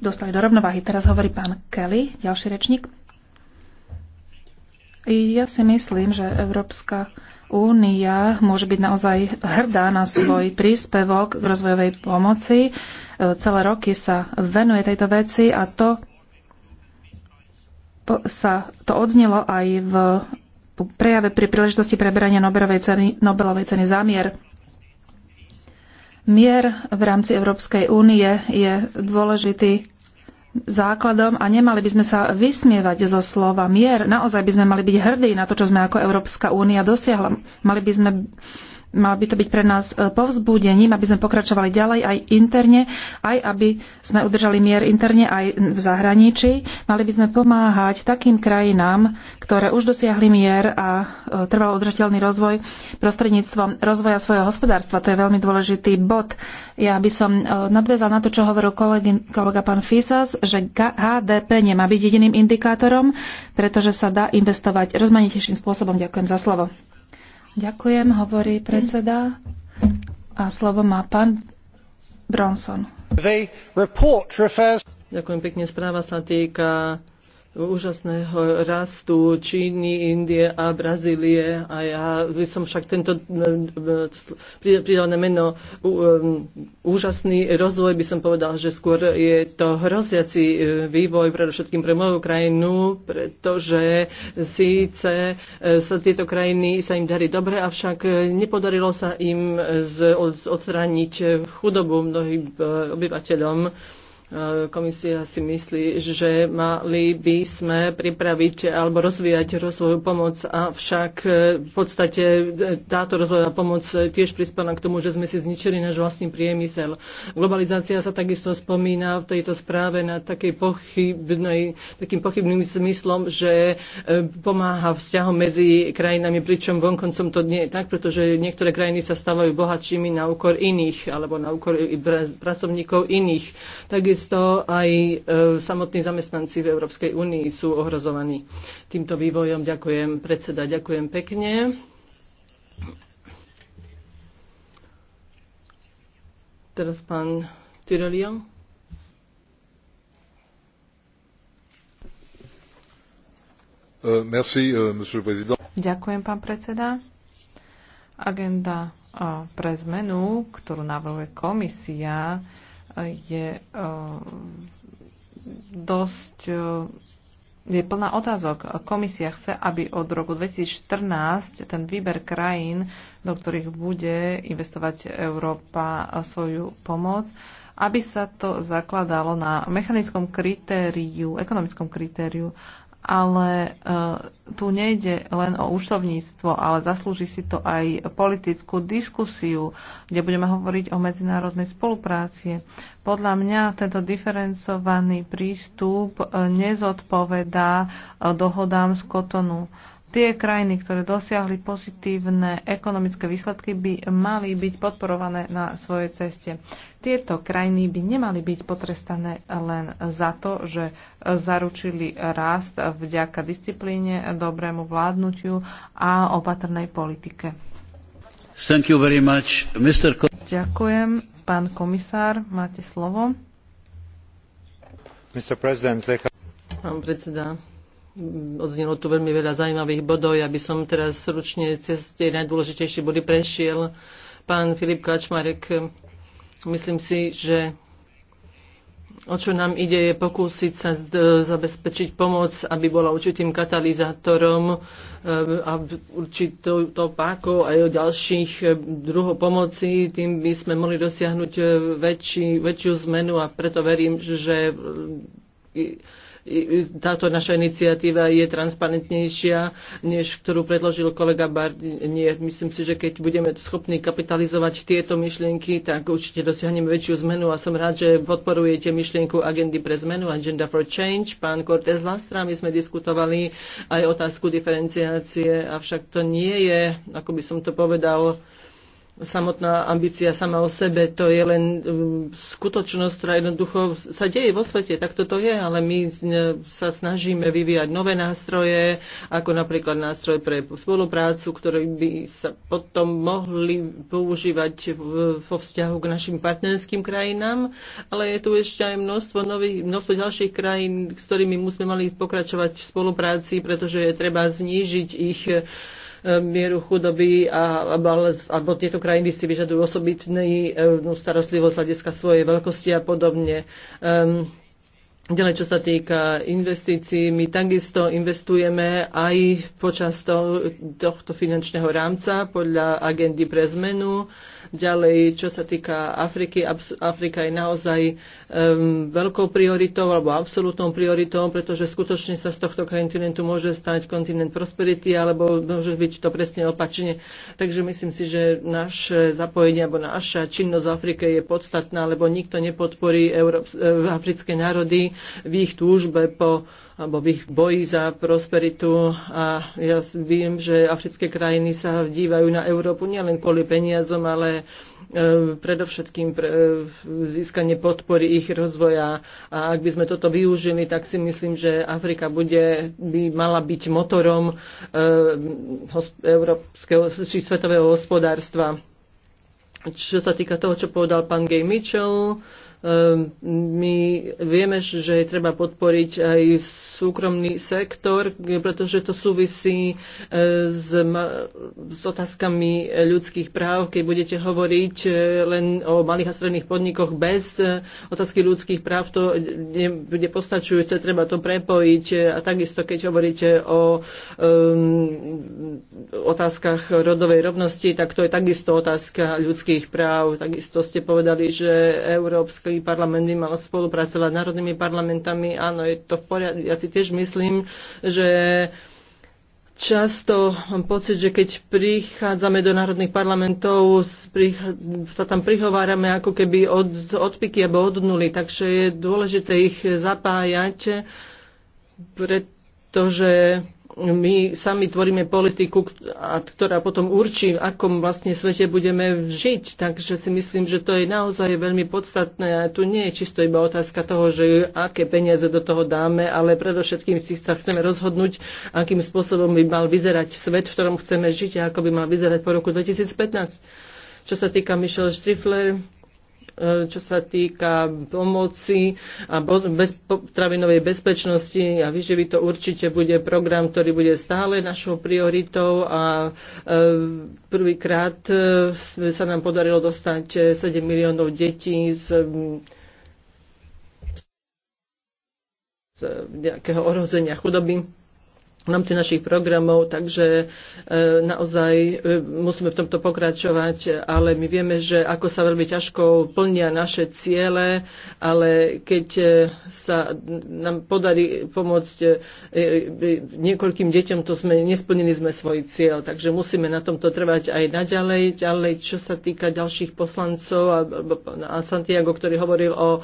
dostali do rovnováhy. Teraz hovorí pán Kelly, ďalší rečník. Ja si myslím, že Európska únia môže byť naozaj hrdá na svoj príspevok k rozvojovej pomoci. E, celé roky sa venuje tejto veci a to sa to odznilo aj v prejave pri príležitosti preberania Nobelovej ceny, Nobelovej ceny zámier. Mier v rámci Európskej únie je dôležitý základom a nemali by sme sa vysmievať zo slova mier. Naozaj by sme mali byť hrdí na to, čo sme ako Európska únia dosiahla. Mali by sme mal by to byť pre nás e, povzbudením, aby sme pokračovali ďalej aj interne, aj aby sme udržali mier interne aj v zahraničí. Mali by sme pomáhať takým krajinám, ktoré už dosiahli mier a e, trvalo udržateľný rozvoj prostredníctvom rozvoja svojho hospodárstva. To je veľmi dôležitý bod. Ja by som e, nadviezal na to, čo hovoril kolegy, kolega pán Fisas, že HDP nemá byť jediným indikátorom, pretože sa dá investovať rozmanitejším spôsobom. Ďakujem za slovo. Ďakujem, hovorí predseda. A slovo má pán Bronson. Ďakujem pekne. Správa sa týka úžasného rastu Číny, Indie a Brazílie. A ja by som však tento eh, eh, pridané meno eh, úžasný rozvoj by som povedal, že skôr je to hroziaci vývoj predovšetkým pre moju krajinu, pretože síce sa tieto krajiny sa im darí dobre, avšak nepodarilo sa im odstrániť chudobu mnohým obyvateľom. Komisia si myslí, že mali by sme pripraviť alebo rozvíjať rozvoju pomoc, avšak e, v podstate e, táto rozvojová pomoc tiež prispela k tomu, že sme si zničili náš vlastný priemysel. Globalizácia sa takisto spomína v tejto správe na takej pochybnej, takým pochybným zmyslom, že e, pomáha vzťahom medzi krajinami, pričom vonkoncom to nie je tak, pretože niektoré krajiny sa stávajú bohatšími na úkor iných alebo na úkor pracovníkov iných. Takisto takisto aj e, samotní zamestnanci v Európskej únii sú ohrozovaní týmto vývojom. Ďakujem predseda, ďakujem pekne. Teraz pán Tyrelion. E, e, ďakujem, pán predseda. Agenda pre zmenu, ktorú navrhuje komisia, je eh, dosť eh, je plná otázok. Komisia chce, aby od roku 2014 ten výber krajín, do ktorých bude investovať Európa eh, svoju pomoc, aby sa to zakladalo na mechanickom kritériu, ekonomickom kritériu ale e, tu nejde len o účtovníctvo, ale zaslúži si to aj politickú diskusiu, kde budeme hovoriť o medzinárodnej spolupráci. Podľa mňa tento diferencovaný prístup e, nezodpovedá e, dohodám z Kotonu Tie krajiny, ktoré dosiahli pozitívne ekonomické výsledky, by mali byť podporované na svojej ceste. Tieto krajiny by nemali byť potrestané len za to, že zaručili rast vďaka disciplíne, dobrému vládnutiu a opatrnej politike. Thank you very much. Mr. Ďakujem. Pán komisár, máte slovo. Mr. President, Pán predseda, Mm, odznelo tu veľmi veľa zaujímavých bodov. Ja by som teraz ručne cez tie najdôležitejšie body prešiel. Pán Filip Kačmarek, myslím si, že o čo nám ide, je pokúsiť sa e, zabezpečiť pomoc, aby bola určitým katalizátorom e, a určitou pákou aj o ďalších e, druhov pomoci. Tým by sme mohli dosiahnuť väčší, väčšiu zmenu a preto verím, že táto naša iniciatíva je transparentnejšia, než ktorú predložil kolega Barnier. Myslím si, že keď budeme schopní kapitalizovať tieto myšlienky, tak určite dosiahneme väčšiu zmenu a som rád, že podporujete myšlienku agendy pre zmenu, Agenda for Change. Pán Cortez Lastra, my sme diskutovali aj otázku diferenciácie, avšak to nie je, ako by som to povedal, samotná ambícia sama o sebe, to je len um, skutočnosť, ktorá jednoducho sa deje vo svete, tak toto je, ale my sa snažíme vyvíjať nové nástroje, ako napríklad nástroj pre spoluprácu, ktorý by sa potom mohli používať vo vzťahu k našim partnerským krajinám, ale je tu ešte aj množstvo, nových, množstvo ďalších krajín, s ktorými musíme mali pokračovať v spolupráci, pretože je treba znížiť ich E, mieru chudoby, a, alebo, alebo tieto krajiny si vyžadujú osobitný e, no, starostlivosť hľadiska svojej veľkosti a podobne. Um, Ďalej, čo sa týka investícií, my takisto investujeme aj počas to, tohto finančného rámca podľa agendy pre zmenu. Uh, Ďalej, čo sa týka Afriky, Afrika je naozaj um, veľkou prioritou alebo absolútnou prioritou, pretože skutočne sa z tohto kontinentu môže stať kontinent prosperity alebo môže byť to presne opačne. Takže myslím si, že naše zapojenie alebo naša činnosť v Afrike je podstatná, lebo nikto nepodporí Európs- e, africké národy v ich túžbe po alebo v ich boji za prosperitu. A ja viem, že africké krajiny sa dívajú na Európu nielen kvôli peniazom, ale e, predovšetkým pre e, získanie podpory ich rozvoja. A ak by sme toto využili, tak si myslím, že Afrika bude, by mala byť motorom e, európskeho či svetového hospodárstva. Čo sa týka toho, čo povedal pán Gay Mitchell, Ehm, my vieme, že je treba podporiť aj súkromný sektor, pretože to súvisí e, s, s otázkami ľudských práv. Keď budete hovoriť e, len o malých a stredných podnikoch bez e, otázky ľudských práv, to nebude postačujúce, treba to prepojiť. A takisto, keď hovoríte o um, otázkach rodovej rovnosti, tak to je takisto otázka ľudských práv. Takisto ste povedali, že Európska Európsky parlament by mal spolupracovať s národnými parlamentami. Áno, je to v poriadku. Ja si tiež myslím, že často mám pocit, že keď prichádzame do národných parlamentov, sa tam prihovárame ako keby od, od piky alebo od nuly, takže je dôležité ich zapájať, pretože my sami tvoríme politiku, ktorá potom určí, v akom vlastne svete budeme žiť. Takže si myslím, že to je naozaj veľmi podstatné. A tu nie je čisto iba otázka toho, že aké peniaze do toho dáme, ale predovšetkým si sa chceme rozhodnúť, akým spôsobom by mal vyzerať svet, v ktorom chceme žiť a ako by mal vyzerať po roku 2015. Čo sa týka Michelle Strifler, E, čo sa týka pomoci a potravinovej bezpečnosti a vyživy to určite bude program, ktorý bude stále našou prioritou a e, prvýkrát e, sa nám podarilo dostať 7 miliónov detí z z nejakého ohrozenia chudoby v rámci našich programov, takže e, naozaj e, musíme v tomto pokračovať, ale my vieme, že ako sa veľmi ťažko plnia naše ciele, ale keď e, sa nám podarí pomôcť niekoľkým deťom, to sme, nesplnili sme svoj cieľ, takže musíme na tomto trvať aj naďalej. Ďalej, čo sa týka ďalších poslancov a, a Santiago, ktorý hovoril o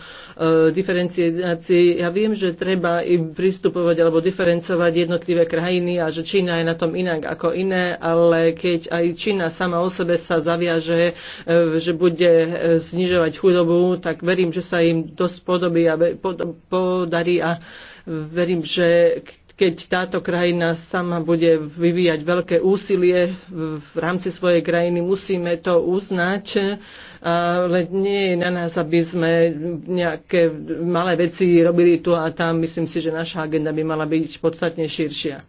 diferenciácii, ja viem, že treba pristupovať alebo diferencovať jednotlivé krajiny a že Čína je na tom inak ako iné, ale keď aj Čína sama o sebe sa zaviaže, e, že bude e, znižovať chudobu, tak verím, že sa im dosť podobí a podarí a verím, že keď táto krajina sama bude vyvíjať veľké úsilie v rámci svojej krajiny, musíme to uznať, ale nie je na nás, aby sme nejaké malé veci robili tu a tam. Myslím si, že naša agenda by mala byť podstatne širšia.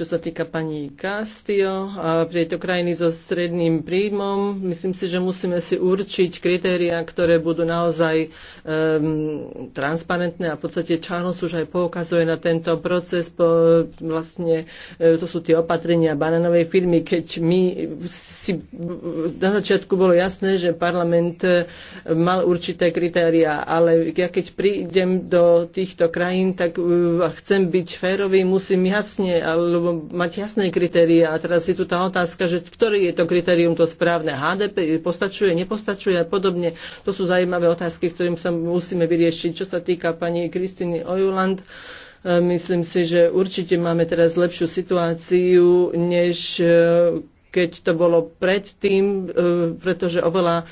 čo sa týka pani Castillo a tejto krajiny so stredným príjmom. Myslím si, že musíme si určiť kritériá, ktoré budú naozaj um, transparentné a v podstate Charles už aj poukazuje na tento proces. Po, vlastne e, to sú tie opatrenia bananovej firmy, keď my si na začiatku bolo jasné, že parlament e, mal určité kritériá, ale ja keď prídem do týchto krajín, tak uh, chcem byť férový, musím jasne alebo No, mať jasné kritéria. A teraz je tu tá otázka, že ktoré je to kritérium to správne. HDP postačuje, nepostačuje a podobne. To sú zaujímavé otázky, ktorým sa musíme vyriešiť. Čo sa týka pani Kristiny Ojuland, e, myslím si, že určite máme teraz lepšiu situáciu, než e, keď to bolo predtým, e, pretože oveľa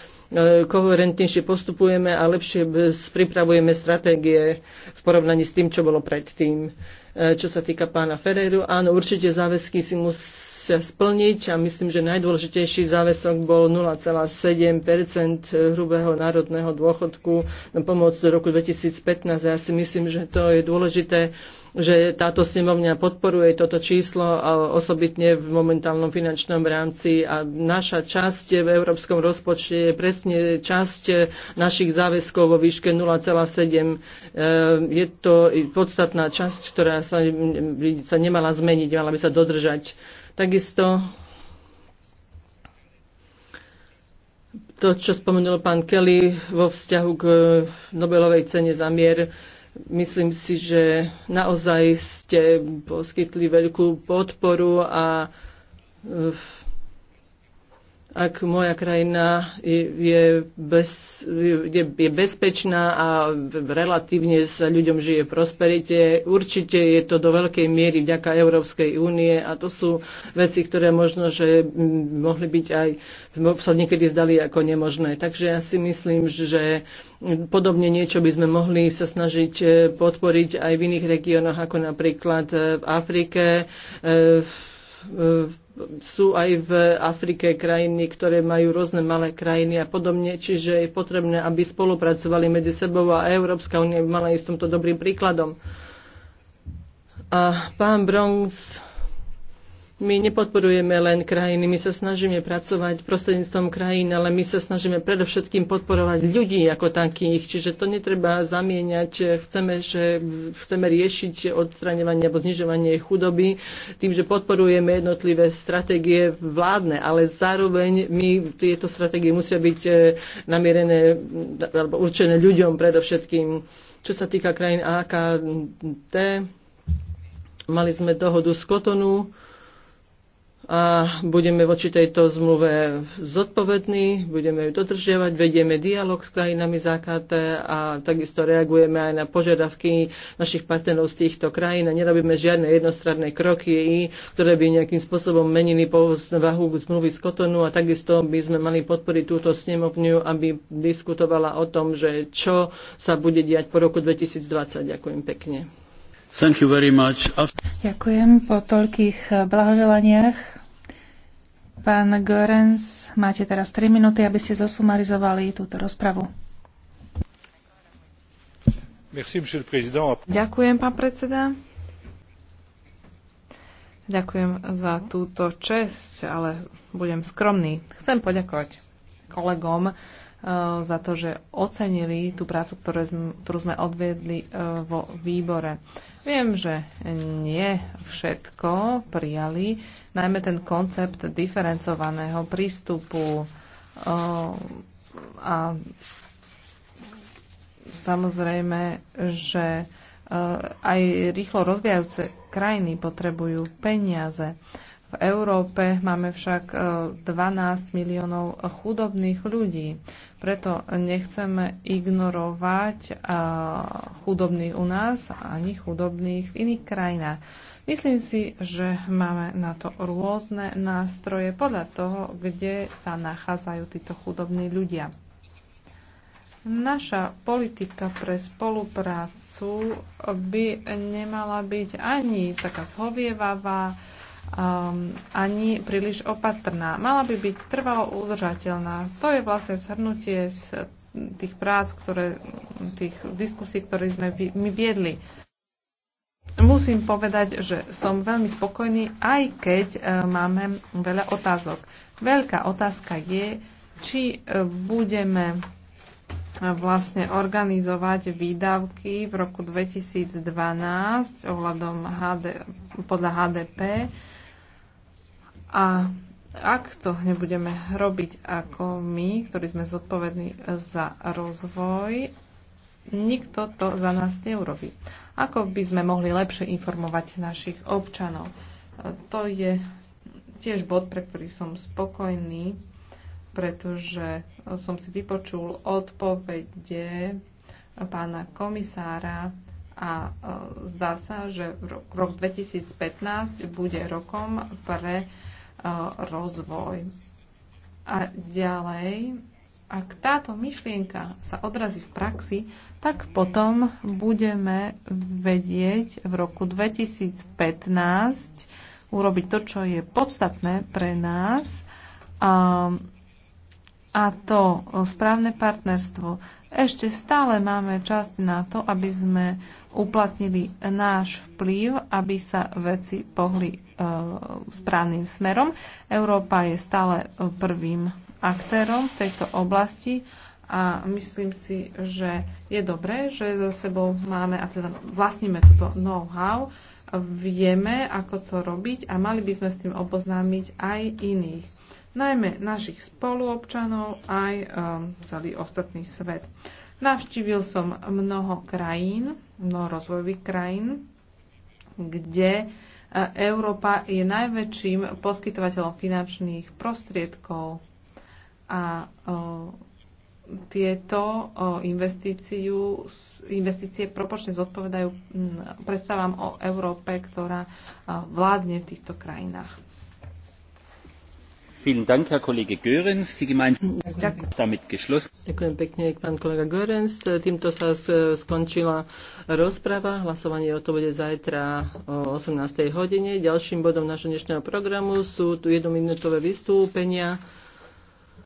koherentnejšie postupujeme a lepšie pripravujeme stratégie v porovnaní s tým, čo bolo predtým. E, čo sa týka pána Ferreru. Áno, určite záväzky si musia splniť a myslím, že najdôležitejší záväzok bol 0,7 hrubého národného dôchodku na pomoc do roku 2015. Ja si myslím, že to je dôležité že táto snemovňa podporuje toto číslo osobitne v momentálnom finančnom rámci a naša časť v európskom rozpočte je presne časť našich záväzkov vo výške 0,7. Ehm, je to podstatná časť, ktorá sa, sa nemala zmeniť, mala by sa dodržať. Takisto to, čo spomenul pán Kelly vo vzťahu k Nobelovej cene za mier, Myslím si, že naozaj ste poskytli veľkú podporu a eh, ak moja krajina je, bez, je, je bezpečná a relatívne sa ľuďom žije v prosperite, určite je to do veľkej miery vďaka Európskej únie a to sú veci, ktoré možno, že mohli byť aj, sa niekedy zdali ako nemožné. Takže ja si myslím, že podobne niečo by sme mohli sa snažiť e, podporiť aj v iných regiónoch, ako napríklad e, v Afrike, e, v, v sú aj v Afrike krajiny, ktoré majú rôzne malé krajiny a podobne, čiže je potrebné, aby spolupracovali medzi sebou a Európska únia mala ísť tomto dobrým príkladom. A pán Bronx my nepodporujeme len krajiny, my sa snažíme pracovať prostredníctvom krajín, ale my sa snažíme predovšetkým podporovať ľudí ako takých, čiže to netreba zamieňať. Chceme, že chceme riešiť odstraňovanie alebo znižovanie chudoby tým, že podporujeme jednotlivé stratégie vládne, ale zároveň my tieto stratégie musia byť e, namierené alebo určené ľuďom predovšetkým. Čo sa týka krajín AKT, mali sme dohodu z Kotonu, a budeme voči tejto zmluve zodpovední, budeme ju dodržiavať, vedieme dialog s krajinami ZKT a takisto reagujeme aj na požiadavky našich partnerov z týchto krajín a nerobíme žiadne jednostranné kroky, ktoré by nejakým spôsobom menili povahu zmluvy z Kotonu a takisto by sme mali podporiť túto snemovňu, aby diskutovala o tom, že čo sa bude diať po roku 2020. Ďakujem pekne. Thank you very much. Ďakujem po toľkých blahoželaniach Pán Görens, máte teraz 3 minúty, aby ste zosumarizovali túto rozpravu. Merci, Ďakujem, pán predseda. Ďakujem za túto česť, ale budem skromný. Chcem poďakovať kolegom, Eh, za to, že ocenili tú prácu, ktorú sme odviedli eh, vo výbore. Viem, že nie všetko prijali, najmä ten koncept diferencovaného prístupu eh, a samozrejme, že aj rýchlo rozvíjajúce krajiny potrebujú peniaze. V Európe máme však 12 e, miliónov chudobných ľudí, preto nechceme ignorovať e, chudobných u nás ani chudobných v iných krajinách. Myslím si, že máme na to rôzne nástroje podľa toho, kde sa nachádzajú títo chudobní ľudia. Naša politika pre spoluprácu by nemala byť ani taká zhovievavá, um, ani príliš opatrná. Mala by byť trvalo udržateľná. To je vlastne shrnutie z tých prác, ktoré, tých diskusí, ktoré sme my viedli. Musím povedať, že som veľmi spokojný, aj keď uh, máme veľa otázok. Veľká otázka je, či uh, budeme e, vlastne organizovať výdavky v roku 2012 ohľadom HD, podľa HDP a ak to nebudeme robiť ako my, ktorí sme zodpovední za rozvoj, nikto to za nás neurobi. Ako by sme mohli lepšie informovať našich občanov? To je tiež bod, pre ktorý som spokojný, pretože som si vypočul odpovede pána komisára a e, zdá sa, že rok 2015 bude rokom pre rozvoj. A ďalej, ak táto myšlienka sa odrazí v praxi, tak potom budeme vedieť v roku 2015 urobiť to, čo je podstatné pre nás a to e, správne partnerstvo. Ešte stále máme časť na to, aby sme uplatnili náš vplyv, aby sa veci pohli e, správnym smerom. Európa je stále e, prvým aktérom v tejto oblasti a myslím si, že je dobré, že za sebou máme a teda vlastníme toto know-how, vieme, ako to robiť a mali by sme s tým oboznámiť aj iných najmä našich spoluobčanov aj um, celý ostatný svet. Navštívil som mnoho krajín, mnoho rozvojových krajín, kde uh, Európa je najväčším poskytovateľom finančných prostriedkov a uh, tieto uh, investície propočne zodpovedajú predstavám o Európe, ktorá vládne v týchto krajinách. Ďakujem pekne, pán kolega Görens. Týmto sa skončila rozprava. Hlasovanie o to bude zajtra o 18. hodine. Ďalším bodom našho dnešného programu sú tu jednominútové vystúpenia.